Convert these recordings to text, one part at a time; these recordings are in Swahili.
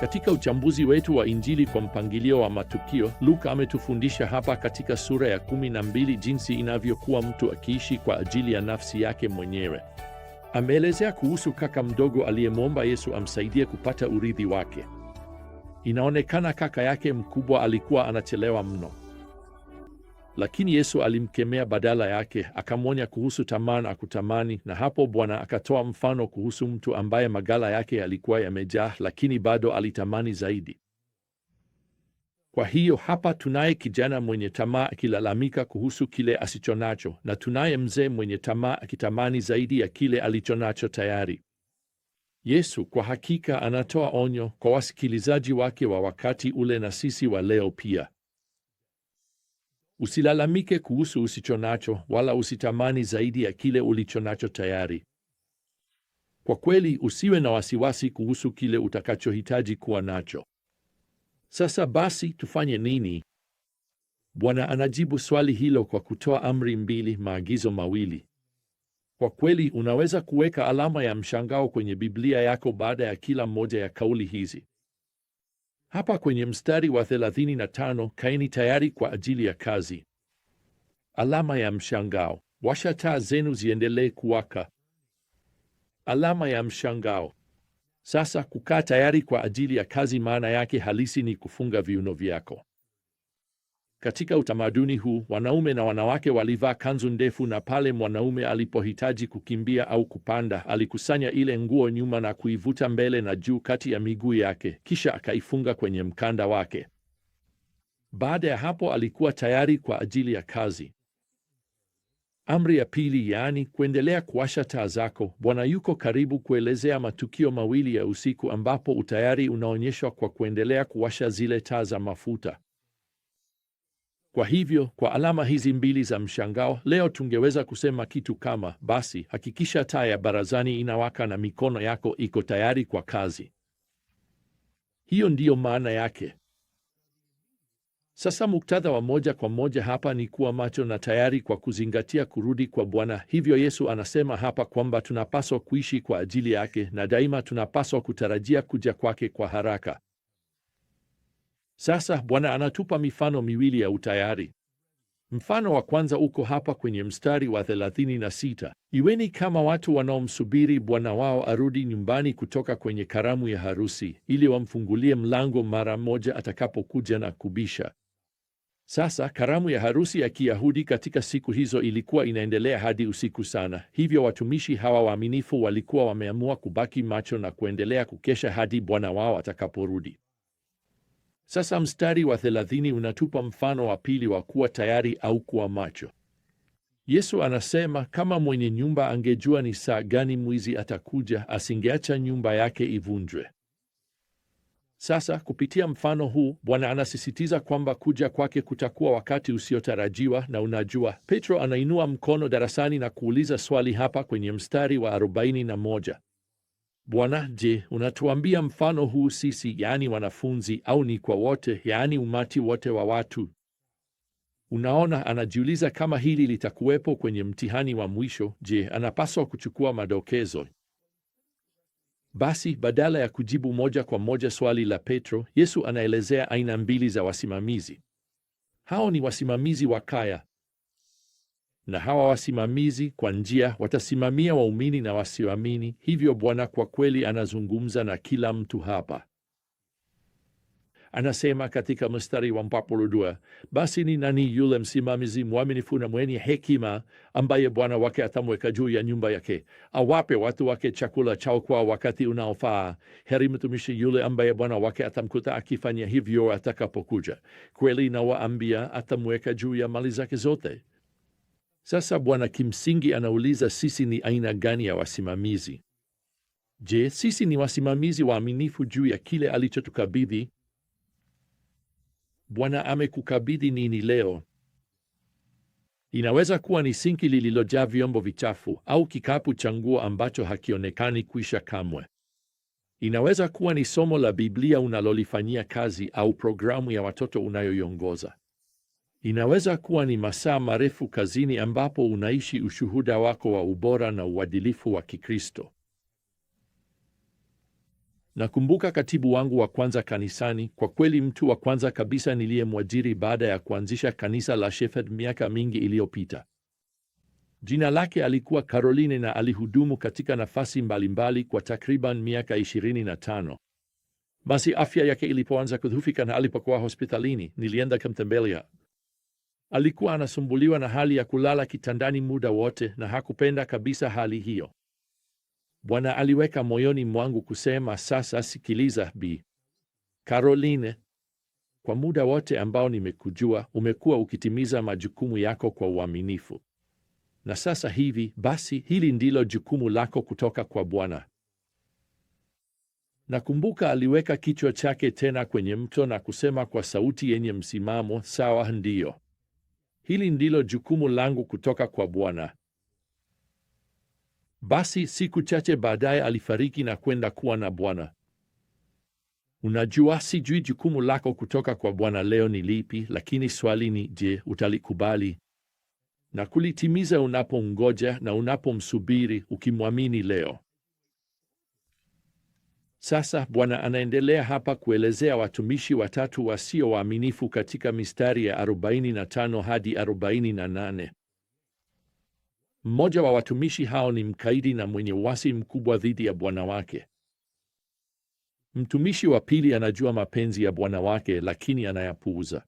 Katika uchambuzi wetu wa Injili kwa mpangilio wa matukio, Luka ametufundisha hapa katika sura ya kumi na mbili jinsi inavyokuwa mtu akiishi kwa ajili ya nafsi yake mwenyewe. Ameelezea kuhusu kaka mdogo aliyemwomba Yesu amsaidie kupata urithi wake. Inaonekana kaka yake mkubwa alikuwa anachelewa mno. Lakini Yesu alimkemea badala yake, akamwonya kuhusu tamaa na kutamani. Na hapo Bwana akatoa mfano kuhusu mtu ambaye magala yake yalikuwa yamejaa, lakini bado alitamani zaidi. Kwa hiyo hapa tunaye kijana mwenye tamaa akilalamika kuhusu kile asichonacho, na tunaye mzee mwenye tamaa akitamani zaidi ya kile alichonacho tayari. Yesu kwa hakika anatoa onyo kwa wasikilizaji wake wa wakati ule na sisi wa leo pia. Usilalamike kuhusu usichonacho, wala usitamani zaidi ya kile ulichonacho tayari. Kwa kweli, usiwe na wasiwasi kuhusu kile utakachohitaji kuwa nacho. Sasa basi, tufanye nini? Bwana anajibu swali hilo kwa kutoa amri mbili, maagizo mawili. Kwa kweli, unaweza kuweka alama ya mshangao kwenye Biblia yako baada ya kila moja ya kauli hizi. Hapa kwenye mstari wa 35 kaeni tayari kwa ajili ya kazi. Alama ya mshangao. Washa taa zenu ziendelee kuwaka. Alama ya mshangao. Sasa kukaa tayari kwa ajili ya kazi maana yake halisi ni kufunga viuno vyako. Katika utamaduni huu wanaume na wanawake walivaa kanzu ndefu, na pale mwanaume alipohitaji kukimbia au kupanda, alikusanya ile nguo nyuma na kuivuta mbele na juu kati ya miguu yake, kisha akaifunga kwenye mkanda wake. Baada ya hapo, alikuwa tayari kwa ajili ya kazi. Amri ya pili, yaani kuendelea kuwasha taa zako. Bwana yuko karibu kuelezea matukio mawili ya usiku ambapo utayari unaonyeshwa kwa kuendelea kuwasha zile taa za mafuta. Kwa hivyo, kwa alama hizi mbili za mshangao, leo tungeweza kusema kitu kama basi, hakikisha taa ya barazani inawaka na mikono yako iko tayari kwa kazi. Hiyo ndiyo maana yake. Sasa muktadha wa moja kwa moja hapa ni kuwa macho na tayari kwa kuzingatia kurudi kwa Bwana. Hivyo Yesu anasema hapa kwamba tunapaswa kuishi kwa ajili yake na daima tunapaswa kutarajia kuja kwake kwa haraka. Sasa Bwana anatupa mifano miwili ya utayari. Mfano wa kwanza uko hapa kwenye mstari wa 36: iweni kama watu wanaomsubiri bwana wao arudi nyumbani kutoka kwenye karamu ya harusi, ili wamfungulie mlango mara moja atakapokuja na kubisha. Sasa karamu ya harusi ya Kiyahudi katika siku hizo ilikuwa inaendelea hadi usiku sana, hivyo watumishi hawa waaminifu walikuwa wameamua kubaki macho na kuendelea kukesha hadi bwana wao atakaporudi. Sasa mstari wa thelathini unatupa mfano wa pili wa kuwa tayari au kuwa macho. Yesu anasema kama mwenye nyumba angejua ni saa gani mwizi atakuja, asingeacha nyumba yake ivunjwe. Sasa kupitia mfano huu Bwana anasisitiza kwamba kuja kwake kutakuwa wakati usiotarajiwa. Na unajua, Petro anainua mkono darasani na kuuliza swali hapa kwenye mstari wa 41, Bwana, je, unatuambia mfano huu sisi, yaani wanafunzi, au ni kwa wote, yaani umati wote wa watu? Unaona, anajiuliza kama hili litakuwepo kwenye mtihani wa mwisho. Je, anapaswa kuchukua madokezo? Basi badala ya kujibu moja kwa moja swali la Petro, Yesu anaelezea aina mbili za wasimamizi. Hao ni wasimamizi wa kaya na hawa wasimamizi kwa njia watasimamia waumini na wasioamini. Hivyo Bwana kwa kweli anazungumza na kila mtu hapa. Anasema katika mstari wa mpapolo dua, basi ni nani yule msimamizi mwaminifu na mwenye hekima ambaye bwana wake atamweka juu ya nyumba yake, awape watu wake chakula chao kwa wakati unaofaa? Heri mtumishi yule ambaye bwana wake atamkuta akifanya hivyo atakapokuja. Kweli nawaambia, atamweka juu ya mali zake zote. Sasa Bwana kimsingi anauliza sisi ni aina gani ya wasimamizi? Je, sisi ni wasimamizi waaminifu juu ya kile alichotukabidhi? Bwana amekukabidhi nini leo? Inaweza kuwa ni sinki lililojaa vyombo vichafu au kikapu cha nguo ambacho hakionekani kuisha kamwe. Inaweza kuwa ni somo la Biblia unalolifanyia kazi au programu ya watoto unayoiongoza. Inaweza kuwa ni masaa marefu kazini ambapo unaishi ushuhuda wako wa ubora na uadilifu wa Kikristo. Nakumbuka katibu wangu wa kwanza kanisani, kwa kweli mtu wa kwanza kabisa niliyemwajiri baada ya kuanzisha kanisa la Shepherd miaka mingi iliyopita. Jina lake alikuwa Caroline na alihudumu katika nafasi mbalimbali kwa takriban miaka 25. Basi afya yake ilipoanza kudhufika na alipokuwa hospitalini, nilienda kumtembelea Alikuwa anasumbuliwa na hali ya kulala kitandani muda wote na hakupenda kabisa hali hiyo. Bwana aliweka moyoni mwangu kusema, sasa sikiliza Bi Caroline, kwa muda wote ambao nimekujua umekuwa ukitimiza majukumu yako kwa uaminifu, na sasa hivi basi hili ndilo jukumu lako kutoka kwa Bwana. Nakumbuka aliweka kichwa chake tena kwenye mto na kusema kwa sauti yenye msimamo, sawa, ndiyo. Hili ndilo jukumu langu kutoka kwa Bwana. Basi siku chache baadaye alifariki na kwenda kuwa na Bwana. Unajua, sijui jukumu lako kutoka kwa Bwana leo ni lipi, lakini swali ni je, utalikubali na kulitimiza unapomngoja na unapomsubiri ukimwamini leo? Sasa Bwana anaendelea hapa kuelezea watumishi watatu wasio waaminifu katika mistari ya 45 hadi 48. Mmoja wa watumishi hao ni mkaidi na mwenye uasi mkubwa dhidi ya bwana wake. Mtumishi wa pili anajua mapenzi ya bwana wake, lakini anayapuuza.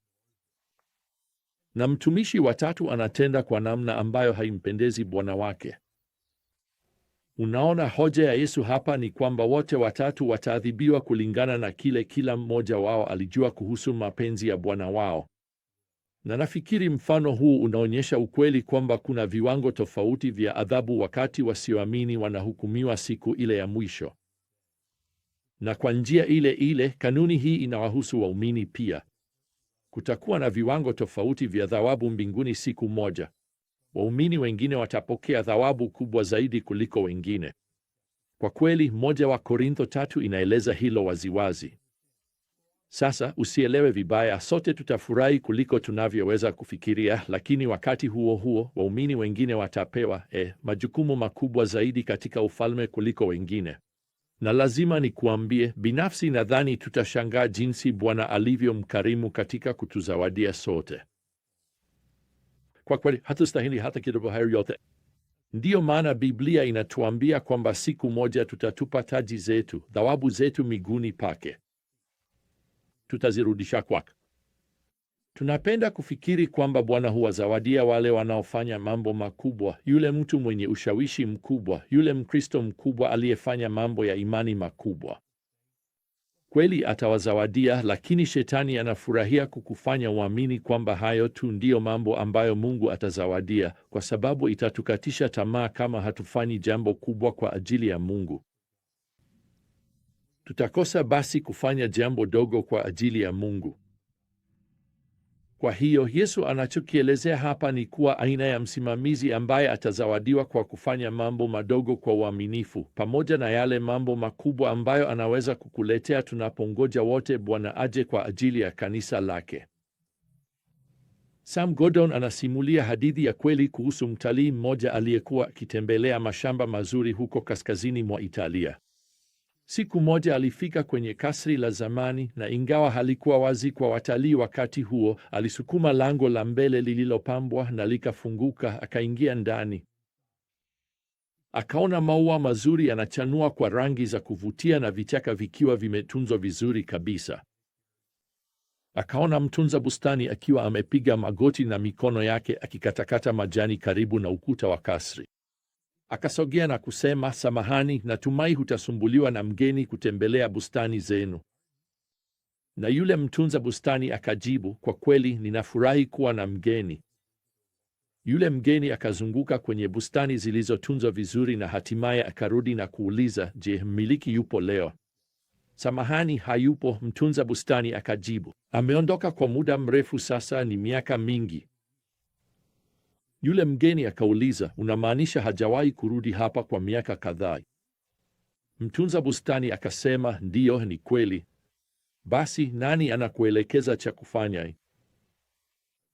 Na mtumishi wa tatu anatenda kwa namna ambayo haimpendezi bwana wake. Unaona, hoja ya Yesu hapa ni kwamba wote watatu wataadhibiwa kulingana na kile kila mmoja wao alijua kuhusu mapenzi ya Bwana wao. Na nafikiri mfano huu unaonyesha ukweli kwamba kuna viwango tofauti vya adhabu wakati wasioamini wanahukumiwa siku ile ya mwisho. Na kwa njia ile ile, kanuni hii inawahusu waumini pia. Kutakuwa na viwango tofauti vya thawabu mbinguni siku moja waumini wengine watapokea thawabu kubwa zaidi kuliko wengine. Kwa kweli, moja wa Korintho tatu inaeleza hilo waziwazi. Sasa usielewe vibaya, sote tutafurahi kuliko tunavyoweza kufikiria, lakini wakati huo huo waumini wengine watapewa e, majukumu makubwa zaidi katika ufalme kuliko wengine. Na lazima nikuambie, binafsi nadhani tutashangaa jinsi Bwana alivyo mkarimu katika kutuzawadia sote kwa kweli hatustahili hata kidogo hayo yote. Ndiyo maana Biblia inatuambia kwamba siku moja tutatupa taji zetu, dhawabu zetu miguuni pake, tutazirudisha kwake. Tunapenda kufikiri kwamba Bwana huwazawadia wale wanaofanya mambo makubwa, yule mtu mwenye ushawishi mkubwa, yule Mkristo mkubwa aliyefanya mambo ya imani makubwa. Kweli atawazawadia, lakini shetani anafurahia kukufanya uamini kwamba hayo tu ndiyo mambo ambayo Mungu atazawadia, kwa sababu itatukatisha tamaa kama hatufanyi jambo kubwa kwa ajili ya Mungu. Tutakosa basi kufanya jambo dogo kwa ajili ya Mungu. Kwa hiyo Yesu anachokielezea hapa ni kuwa aina ya msimamizi ambaye atazawadiwa kwa kufanya mambo madogo kwa uaminifu, pamoja na yale mambo makubwa ambayo anaweza kukuletea tunapongoja wote Bwana aje kwa ajili ya kanisa lake. Sam Gordon anasimulia hadithi ya kweli kuhusu mtalii mmoja aliyekuwa akitembelea mashamba mazuri huko kaskazini mwa Italia. Siku moja alifika kwenye kasri la zamani, na ingawa halikuwa wazi kwa watalii wakati huo, alisukuma lango la mbele lililopambwa na likafunguka. Akaingia ndani, akaona maua mazuri yanachanua kwa rangi za kuvutia na vichaka vikiwa vimetunzwa vizuri kabisa. Akaona mtunza bustani akiwa amepiga magoti na mikono yake akikatakata majani karibu na ukuta wa kasri. Akasogea na kusema, samahani, natumai hutasumbuliwa na mgeni kutembelea bustani zenu. Na yule mtunza bustani akajibu, kwa kweli ninafurahi kuwa na mgeni. Yule mgeni akazunguka kwenye bustani zilizotunzwa vizuri na hatimaye akarudi na kuuliza, je, mmiliki yupo leo? Samahani, hayupo, mtunza bustani akajibu. Ameondoka kwa muda mrefu sasa, ni miaka mingi. Yule mgeni akauliza, unamaanisha hajawahi kurudi hapa kwa miaka kadhaa? Mtunza bustani akasema, ndiyo, ni kweli. Basi nani anakuelekeza cha kufanya?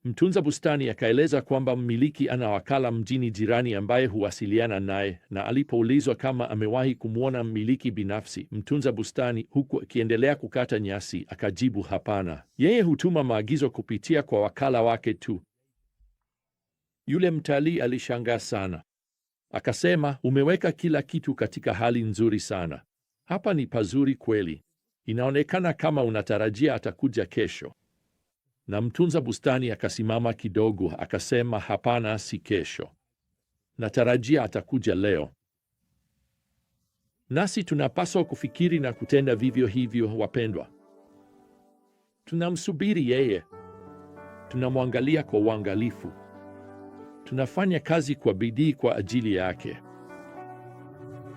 Mtunza bustani akaeleza kwamba mmiliki ana wakala mjini jirani ambaye huwasiliana naye, na alipoulizwa kama amewahi kumwona mmiliki binafsi, mtunza bustani, huku akiendelea kukata nyasi, akajibu hapana, yeye hutuma maagizo kupitia kwa wakala wake tu. Yule mtalii alishangaa sana, akasema, umeweka kila kitu katika hali nzuri sana, hapa ni pazuri kweli, inaonekana kama unatarajia atakuja kesho. Na mtunza bustani akasimama kidogo, akasema, hapana, si kesho, natarajia atakuja leo. Nasi tunapaswa kufikiri na kutenda vivyo hivyo, wapendwa. Tunamsubiri yeye, tunamwangalia kwa uangalifu tunafanya kazi kwa bidii kwa ajili yake.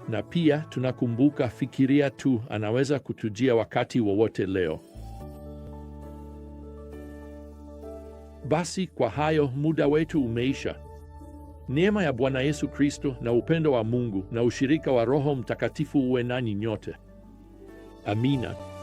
Na pia tunakumbuka, fikiria tu, anaweza kutujia wakati wowote leo. Basi kwa hayo, muda wetu umeisha. Neema ya Bwana Yesu Kristo na upendo wa Mungu na ushirika wa Roho Mtakatifu uwe nanyi nyote. Amina.